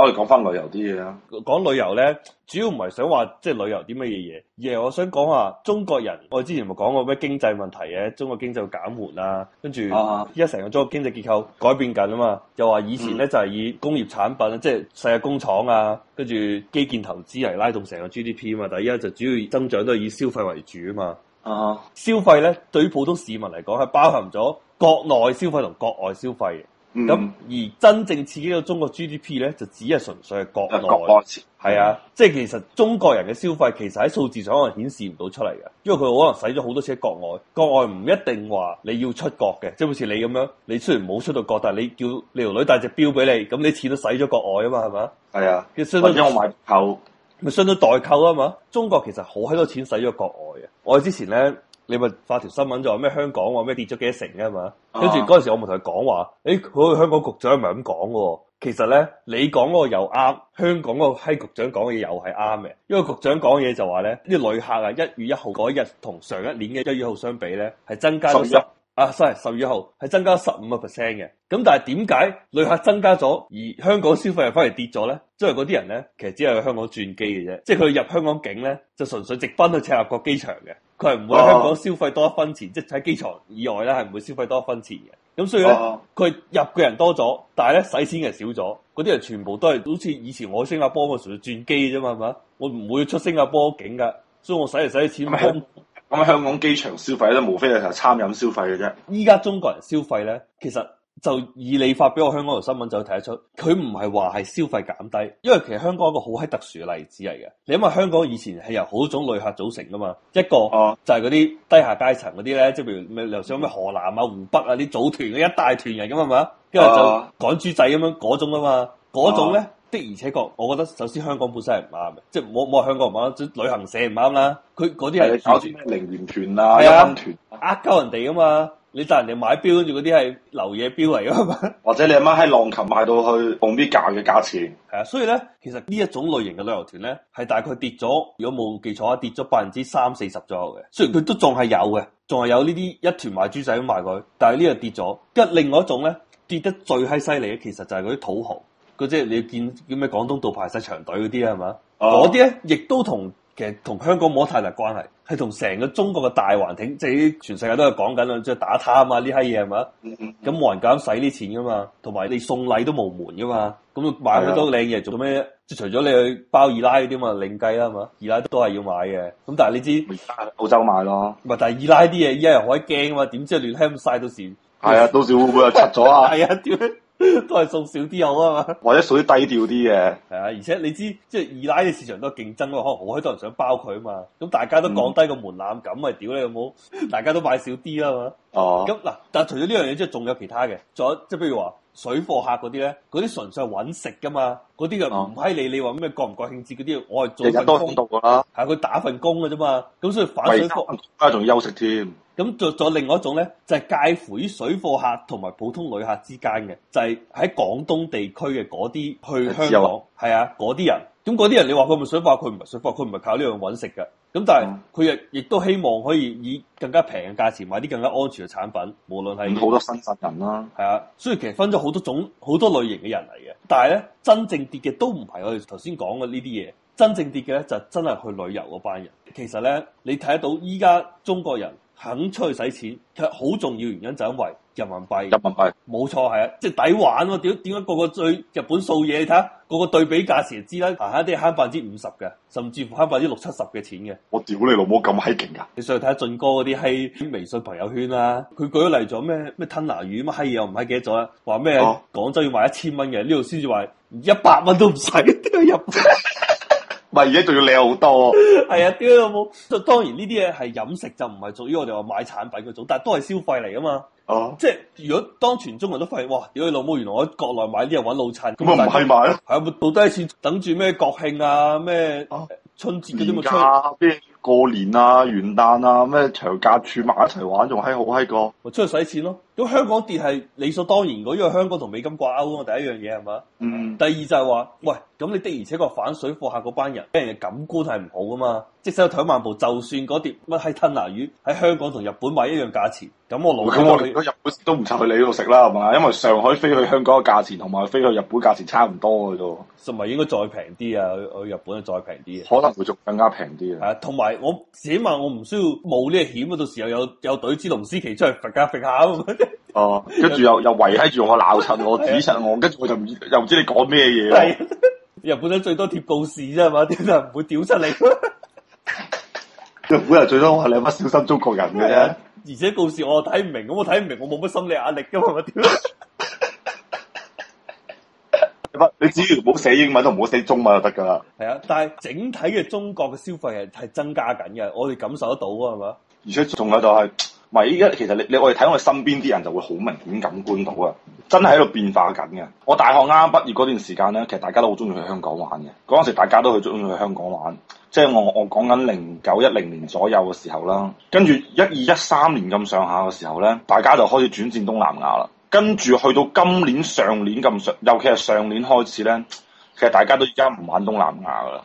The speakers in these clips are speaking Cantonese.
我哋講翻旅遊啲嘢啦。講旅遊咧，主要唔係想話即係旅遊啲乜嘢嘢，而係我想講下中國人。我之前咪講過咩經濟問題嘅，中國經濟會減緩啊，跟住依家成個中國經濟結構改變緊啊嘛。又話以前咧就係以工業產品，嗯、即係世界工廠啊，跟住基建投資嚟拉動成個 GDP 啊嘛。但係依家就主要增長都係以消費為主啊嘛。嗯、消費咧，對於普通市民嚟講，係包含咗國內消費同國外消費。咁、嗯、而真正刺激到中國 GDP 咧，就只係純粹係國內，係啊，嗯、即係其實中國人嘅消費其實喺數字上可能顯示唔到出嚟嘅，因為佢可能使咗好多錢喺國外，國外唔一定話你要出國嘅，即係好似你咁樣，你雖然冇出到國，但係你叫你條女帶隻表俾你，咁你錢都使咗國外啊嘛，係咪？係啊，相對 或者我買購咪相當代購啊嘛，中國其實好閪多錢使咗國外嘅，我之前咧。你咪發條新聞，就話咩香港話咩跌咗幾多成嘅嘛？啊、跟住嗰陣時，我咪同佢講話，誒，佢香港局長唔係咁講嘅。其實咧，你講嗰個又啱，香港個嘿局長講嘅嘢又係啱嘅。因為局長講嘅嘢就話咧，啲旅客啊，一月一號嗰日同上一年嘅一月一號相比咧，係增加咗一啊，sorry，十二號係增加十五個 percent 嘅。咁但係點解旅客增加咗，而香港消費又反而跌咗咧？因為嗰啲人咧，其實只係去香港轉機嘅啫，即係佢入香港境咧，就純粹直奔去赤鱲角機場嘅。佢係唔會喺香港消費多一分錢，即係喺機場以外咧係唔會消費多一分錢嘅。咁所以咧，佢、啊、入嘅人多咗，但係咧使錢嘅少咗。嗰啲人全部都係好似以前我喺新加坡嗰時轉機啫嘛，係嘛，我唔會出新加坡境噶，所以我使嚟使錢。咁咁喺香港機場消費咧，無非係就係餐飲消費嘅啫。依家中國人消費咧，其實。就以你發俾我香港條新聞就睇得出，佢唔係話係消費減低，因為其實香港一個好閪特殊嘅例子嚟嘅。你因為香港以前係由好種旅客組成噶嘛，一個就係嗰啲低下階層嗰啲咧，即係譬如咩，例如有咩河南啊、湖北啊啲組團嘅一大團人咁啊嘛，跟住就趕豬仔咁樣嗰種啊嘛，嗰種咧、啊、的而且確，我覺得首先香港本身係唔啱，嘅，即係冇冇香港唔啱，即旅行社唔啱啦。佢嗰啲係搞啲咩零元團啊、一分、啊、團呃鳩人哋噶嘛。你帶人哋買表，跟住嗰啲係流嘢表嚟嘅嘛？ 或者你阿媽喺浪琴賣到去放啲價嘅價錢？係啊，所以咧，其實呢一種類型嘅旅遊團咧，係大概跌咗，如果冇記錯啊，跌咗百分之三四十左右嘅。雖然佢都仲係有嘅，仲係有呢啲一團賣豬仔咁賣佢，但係呢個跌咗。跟住另外一種咧，跌得最閪犀利嘅，其實就係嗰啲土豪，即係你見叫咩？廣東道排晒長隊嗰啲係嘛？嗰啲咧亦都同。其實同香港冇太大關係，係同成個中國嘅大環境，即係全世界都係講緊啦，即係打貪啊呢啲嘢係嘛，咁冇、嗯嗯、人敢使呢錢噶嘛，同埋你送禮都冇門噶嘛，咁買好多靚嘢做咩？即係除咗你去包二奶啲嘛，另計啦係嘛，二奶都係要買嘅，咁但係你知澳洲買咯，係，但係二奶啲嘢依家人好驚啊嘛，點知亂 ham 晒到時，係啊，到時會唔會又出咗啊？ 都係送少啲好啊嘛，或者屬於低調啲嘅，係啊，而且你知即係二奶嘅市場都係競爭，可好多人想包佢啊嘛，咁大家都降低個門檻，咁咪屌你有冇？大家都買少啲啦嘛，哦、啊，咁嗱，但係除咗呢樣嘢，即係仲有其他嘅，仲有即係譬如話水貨客嗰啲咧，嗰啲純粹係揾食噶嘛，嗰啲就唔閪你。你話咩國唔國慶節嗰啲，我係做份工到噶啦，係佢打份工嘅啫嘛，咁所以反水貨，家仲要休息添。咁仲有另外一種咧，就係、是、介乎於水貨客同埋普通旅客之間嘅，就係、是、喺廣東地區嘅嗰啲去香港係由啊嗰啲人。咁嗰啲人，你話佢唔係水貨，佢唔係水貨，佢唔係靠呢樣揾食嘅。咁但係佢亦亦都希望可以以更加平嘅價錢買啲更加安全嘅產品，無論係好多新新人啦、啊，係啊，所以其實分咗好多種好多類型嘅人嚟嘅。但係咧，真正跌嘅都唔係我哋頭先講嘅呢啲嘢，真正跌嘅咧就是、真係去旅遊嗰班人。其實咧，你睇得到依家中國人。肯出去使錢，其實好重要原因就因為人民幣。人民幣冇錯，係啊，即係抵玩喎！點點解個個最日本掃嘢？你睇下個個對比價錢就知啦，行行啲慳百分之五十嘅，甚至乎慳百分之六七十嘅錢嘅。我屌你老母咁閪勁㗎！你上去睇下俊哥嗰啲閪微信朋友圈啊，佢舉咗例咗咩咩吞拿魚乜閪嘢？我唔係記得咗啊。話咩、啊、廣州要賣一千蚊嘅，呢度先至話一百蚊都唔使，點解入？咪而家仲要靚好多。係啊，屌、 哎哎、老母！當然呢啲嘢係飲食就唔係屬於我哋話買產品嗰種，但係都係消費嚟啊嘛。哦、啊，即係如果當全中國人都發現，哇！屌你老母，原來我喺國內買啲嘢搵老襯，咁咪唔係買咯？係是啊是是，到底係算等住咩國慶啊？咩春節啊？咩過年啊？元旦啊？咩長假儲埋一齊玩，仲係好嗨過？我出去使錢咯。 香港跌係理所當然嘅，因為香港同美金掛鈎啊。第一樣嘢係嘛？第二就係話，喂，咁你的而且確反水貨客嗰班人俾人嘅感官係唔好嘅嘛。即使我退萬步，就算嗰碟乜閪吞拿魚喺香港同日本賣一樣價錢，咁我老去咁，我如果日本都唔插去你嗰度食啦，係嘛？因為上海飛去香港嘅價錢同埋飛去日本價錢差唔多嘅啫。同埋應該再平啲啊，去去日本啊，再平啲。可能會仲更加平啲啊。同埋我起碼我唔需要冒呢個險啊。到時又有有隊之龍司棋出嚟劈價劈下咁。哦，跟住又 又圍喺住我鬧趁我指實我，跟住我、， 啊、我，我就唔又唔知你講咩嘢。日本人最多貼告示啫嘛，啲人唔會屌出嚟。日本人最多話你有乜小心中國人嘅啫、啊。而且告示我睇唔明，咁我睇唔明，我冇乜心理壓力噶嘛。屌、啊！ 你只要唔好寫英文，都唔好寫中文就得噶啦。係啊，但係整體嘅中國嘅消費係係增加緊嘅，我哋感受得到啊，係嘛？而且仲有就係。唔係依家，其實你你我哋睇我哋身邊啲人就會好明顯感觀到啊！真係喺度變化緊嘅。我大學啱啱畢業嗰段時間咧，其實大家都好中意去香港玩嘅。嗰陣時大家都去中意去香港玩，即係我我講緊零九一零年左右嘅時候啦。跟住一二一三年咁上下嘅時候咧，大家就開始轉戰東南亞啦。跟住去到今年上年咁上，尤其係上年開始咧，其實大家都而家唔玩東南亞啦。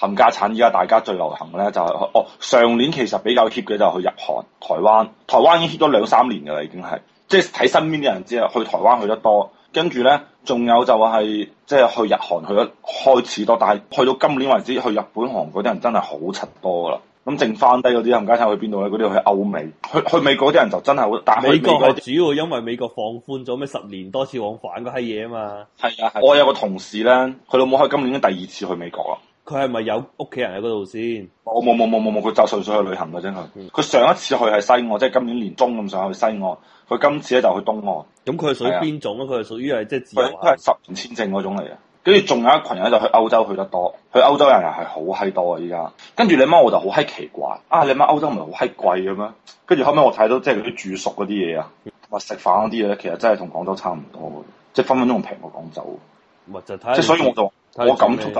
冚家產依家大家最流行咧、就是，就係哦上年其實比較 hit 嘅就係去日韓、台灣，台灣已經 hit 咗兩三年噶啦，已經係即係睇身邊啲人知啊，去台灣去得多，跟住咧仲有就話係、是、即係去日韓去得開始多，但係去到今年為止，去日本、韓國啲人真係好塵多啦。咁剩翻低嗰啲冚家產去邊度咧？嗰啲去歐美，去去美國啲人就真係好，但係美國,美國主要因為美國放寬咗咩十年多次往返嗰啲嘢啊嘛。係啊，我有個同事咧，佢老母喺今年已經第二次去美國啦。佢係咪有屋企人喺嗰度先？冇冇冇冇冇，佢就純粹去旅行嘅啫。佢佢上一次去係西岸，即係今年年中咁上去西岸。佢今次咧就去東岸。咁佢係屬於邊種咧？佢係、啊、屬於係即係十年簽證嗰種嚟嘅。跟住仲有一群人就去歐洲去得多，嗯、去歐洲人係好閪多啊！依家跟住你媽，我就好閪奇怪啊！你媽歐洲唔係好閪貴咁咩？跟住後尾我睇到即係嗰啲住宿嗰啲嘢啊，或、嗯、食飯嗰啲嘢咧，其實真係同廣州差唔多嘅，即係分分鐘平過廣州。嗯、就即係所以我就我感觸。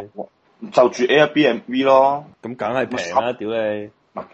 就住 Airbnb 咯，咁梗係平啦，屌你十！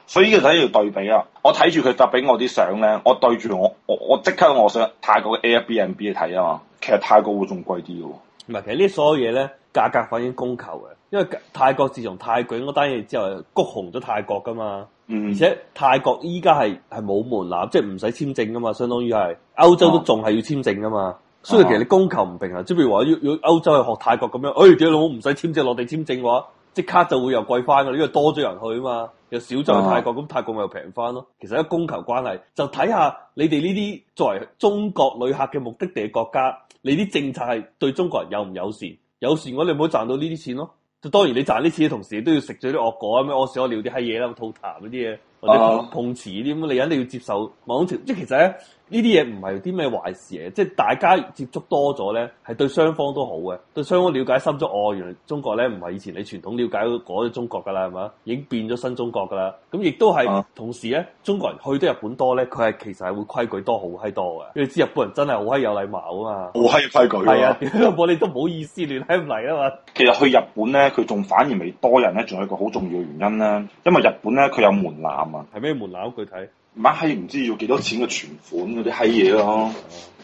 所以呢個要睇要對比啊！我睇住佢搭俾我啲相咧，我對住我我我即刻我上泰國嘅 Airbnb 去睇啊嘛，其實泰國會仲貴啲嘅。唔係，其實呢所有嘢咧，價格反映供求嘅，因為泰國自從泰囧嗰單嘢之後，谷紅咗泰國噶嘛，嗯、而且泰國依家係係冇門檻，即係唔使簽證噶嘛，相當於係歐洲都仲係要簽證噶嘛。哦。嗯、所以其實你供求唔平衡，即係譬如話要要歐洲去學泰國咁樣，哎屌佬唔使簽證落地簽證嘅話，即刻就會又貴翻㗎，因為多咗人去啊嘛，又少咗去泰國，咁、嗯、泰國咪又平翻咯。其實一供求關係就睇下你哋呢啲作為中國旅客嘅目的地嘅國家，你啲政策係對中國人有唔友善？友善我你唔好賺到呢啲錢咯。就當然你賺呢啲錢嘅同時，都要食咗啲惡果啊！咩我成日聊啲閪嘢啦，吐痰嗰啲嘢，嗯、或者碰瓷啲咁，你肯定要接受網上即係其實咧。呢啲嘢唔係啲咩壞事嘅，即係大家接觸多咗咧，係對雙方都好嘅，對雙方了解深咗。哦，原來中國咧唔係以前你傳統了解嗰啲中國噶啦，係嘛？已經變咗新中國噶啦。咁亦都係、啊、同時咧，中國人去得日本多咧，佢係其實係會規矩多好閪多嘅。你知日本人真係好閪有禮貌啊嘛，好閪規矩。係啊， 是啊 我哋都唔好意思亂聽唔嚟啊嘛。其實去日本咧，佢仲反而未多人咧，仲係一個好重要嘅原因啦。因為日本咧，佢有門檻啊。係咩門檻？具體？咪係唔知要幾多錢嘅存款嗰啲閪嘢咯。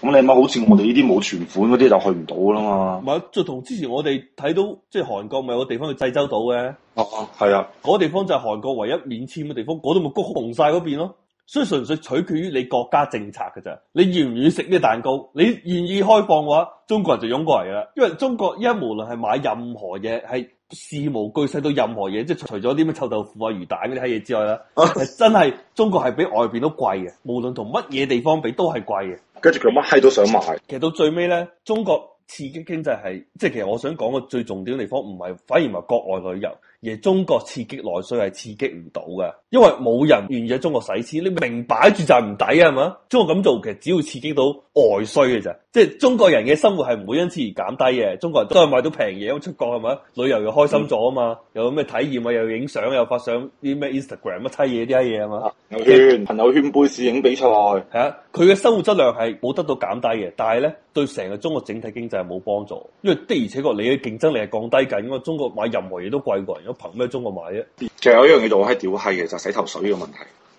咁你咪好似我哋呢啲冇存款嗰啲就去唔到啦嘛。唔係、啊，就同之前我哋睇到，即係韓國咪有個地方去濟州島嘅。哦，係啊，嗰地方就係韓國唯一免簽嘅地方，嗰度咪焗紅晒嗰邊咯。所以純粹取決於你國家政策㗎咋。你願唔願意食呢個蛋糕？你願意開放嘅話，中國人就湧過嚟啦。因為中國依家無論係買任何嘢係。事無巨細到任何嘢，即係除咗啲咩臭豆腐啊、魚蛋嗰啲閪嘢之外啦，啊、真係中國係比外邊都貴嘅，無論同乜嘢地方比都係貴嘅。跟住佢乜閪都想買。其實到最尾咧，中國刺激經濟係，即係其實我想講嘅最重點嘅地方，唔係反而唔係國外旅遊。而中國刺激內需係刺激唔到嘅，因為冇人願意喺中國使錢。你明擺住就係唔抵啊，係嘛？中國咁做其實只要刺激到外需嘅啫，即係中國人嘅生活係唔會因此而減低嘅。中國人都係買到平嘢，因為出國係咪？旅遊又開心咗啊嘛，又有咩嘅體驗啊，又影相又發上啲咩 Instagram 乜睇嘢啲啊嘢啊嘛，朋友圈朋友圈杯攝影比賽係啊，佢嘅生活質量係冇得到減低嘅，但係咧對成個中國整體經濟係冇幫助，因為的而且確你嘅競爭力係降低緊，因為中國買任何嘢都貴過人。憑咩中國買啫？其實有一樣嘢就我喺屌閪嘅，就係、洗頭水嘅問題。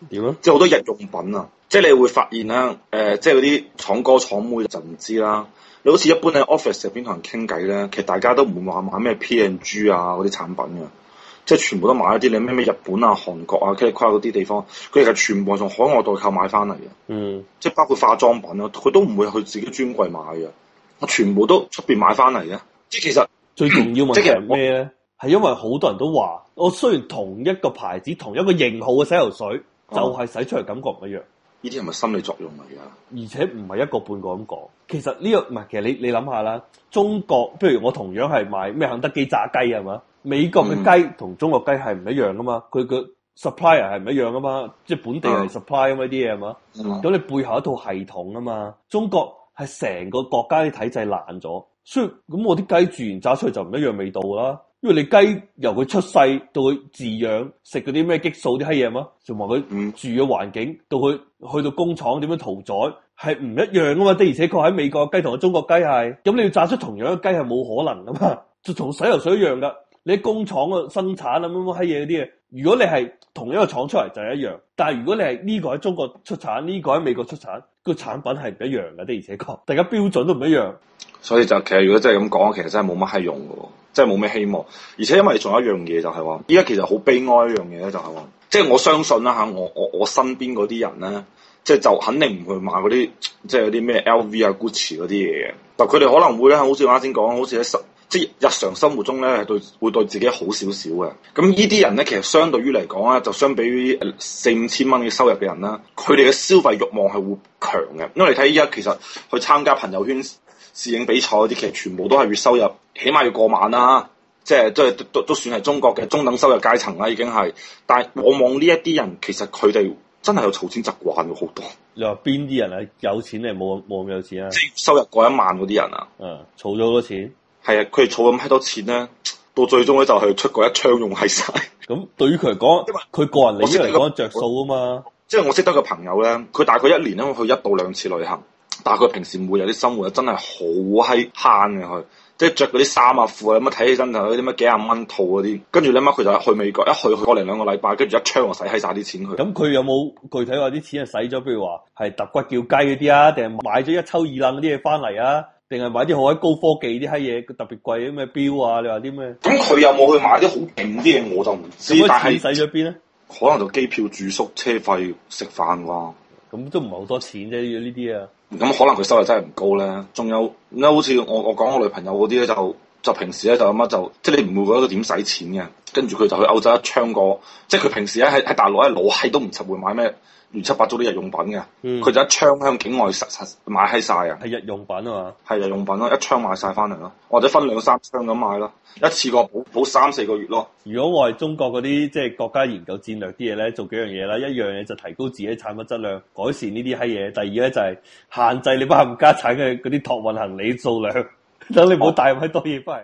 點咧樣？即係好多日用品啊！即係你會發現啦，誒、呃，即係嗰啲廠哥廠妹就唔知啦。你好似一般喺 office 入邊同人傾偈咧，其實大家都唔會話買咩 P&G 啊嗰啲產品啊，即係全部都買一啲你咩咩日本啊、韓國啊，佢哋跨嗰啲地方，佢其實全部從海外代購買翻嚟嘅。嗯，即係包括化妝品啊，佢都唔會去自己專櫃買嘅，我全部都出邊買翻嚟嘅。即係其實最重要咪即係咩咧？係因為好多人都話，我雖然同一個牌子、同一個型號嘅洗頭水，嗯、就係洗出嚟感覺唔一樣。呢啲係咪心理作用嚟噶？而且唔係一個半個咁講。其實呢、呢個唔係其實你你諗下啦，中國譬如我同樣係買咩肯德基炸雞係嘛？美國嘅雞同中國雞係唔一樣噶嘛？佢嘅 supplier 係唔一樣噶嘛？即係本地係 supplier 啲嘢係嘛？咁你背後一套系統啊嘛？中國係成個國家嘅體制爛咗，所以咁我啲雞煮完炸出嚟就唔一樣味道啦。因為你雞由佢出世到佢飼養，食嗰啲咩激素啲閪嘢嘛，同埋佢住嘅環境，到佢去到工廠點樣屠宰，係唔一樣噶嘛。的而且確喺美國嘅雞同喺中國雞係，咁你要炸出同樣嘅雞係冇可能噶嘛，就同洗油水一樣噶。你喺工廠啊生產啊乜乜閪嘢嗰啲嘢，如果你係同一個廠出嚟就係一樣，但係如果你係呢個喺中國出產，呢個喺美國出產。個產品係唔一樣嘅，的而且確，大家標準都唔一樣，所以就其實如果真係咁講，其實真係冇乜係用嘅，即係冇咩希望。而且因為仲有一樣嘢就係話，依家其實好悲哀一樣嘢咧，就係話，即係我相信啦吓，我我我身邊嗰啲人咧，即係就肯定唔會買嗰啲，即係嗰啲咩 LV 啊、Gucci 嗰啲嘢嘅。但佢哋可能會咧，好似啱先講，好似喺即係日常生活中咧，對會對自己好少少嘅。咁呢啲人咧，其實相對於嚟講咧，就相比於四五千蚊嘅收入嘅人啦，佢哋嘅消費欲望係會強嘅。因為你睇依家其實去參加朋友圈攝影比賽嗰啲，其實全部都係要收入起碼要過萬啦、啊，即係都都都算係中國嘅中等收入階層啦，已經係。但係往往呢一啲人其實佢哋真係有儲錢習慣咗好多。你話邊啲人啊？有錢定冇冇咁有錢啊？即係收入過一萬嗰啲人啊？嗯，儲咗好多錢。係啊，佢哋儲咁閪多錢咧，到最終咧就係出過一槍用喺晒。咁 對於佢嚟講，因為佢個人理念嚟講着數啊嘛。即係 我，我、就是，我識得個朋友咧，佢大概一年咧去一到兩次旅行，但係佢平時每日啲生活啊真係好閪慳嘅佢，即係着嗰啲衫啊褲啊咁樣睇起身就啲乜幾廿蚊套嗰啲。跟住你諗佢就去美國，一去去個嚟兩個禮拜，跟住一槍就使閪晒啲錢佢。咁佢有冇具體話啲錢係使咗？譬如話係揼骨叫雞嗰啲啊，定係買咗一抽二揦嗰啲嘢翻嚟啊？定係買啲好啲高科技啲閪嘢，特別貴啲咩表啊？你話啲咩？咁佢有冇去買啲好勁啲嘢？我就唔知。咁佢使咗邊咧？但係呢可能就機票、住宿、車費、食飯啩。咁都唔係好多錢啫，呢啲啊。咁可能佢收入真係唔高咧。仲有，嗱，好似我我講我女朋友嗰啲咧，就就平時咧就咁乜就，即係你唔會覺得佢點使錢嘅。跟住佢就去歐洲一槍過，即係佢平時咧，喺喺大陸咧攞閪都唔識會買咩亂七八糟啲日用品嘅，佢、嗯、就一槍向境外實實買閪曬啊！係日用品啊嘛，係日用品咯，一槍買晒翻嚟咯，或者分兩三箱咁買咯，一次過補補三四個月咯。如果我係中國嗰啲即係國家研究戰略啲嘢咧，做幾樣嘢啦，一樣嘢就提高自己產品質量，改善呢啲閪嘢。第二咧就係限制你買唔家產嘅嗰啲托運行李數量，等 你唔好帶咁多嘢翻嚟。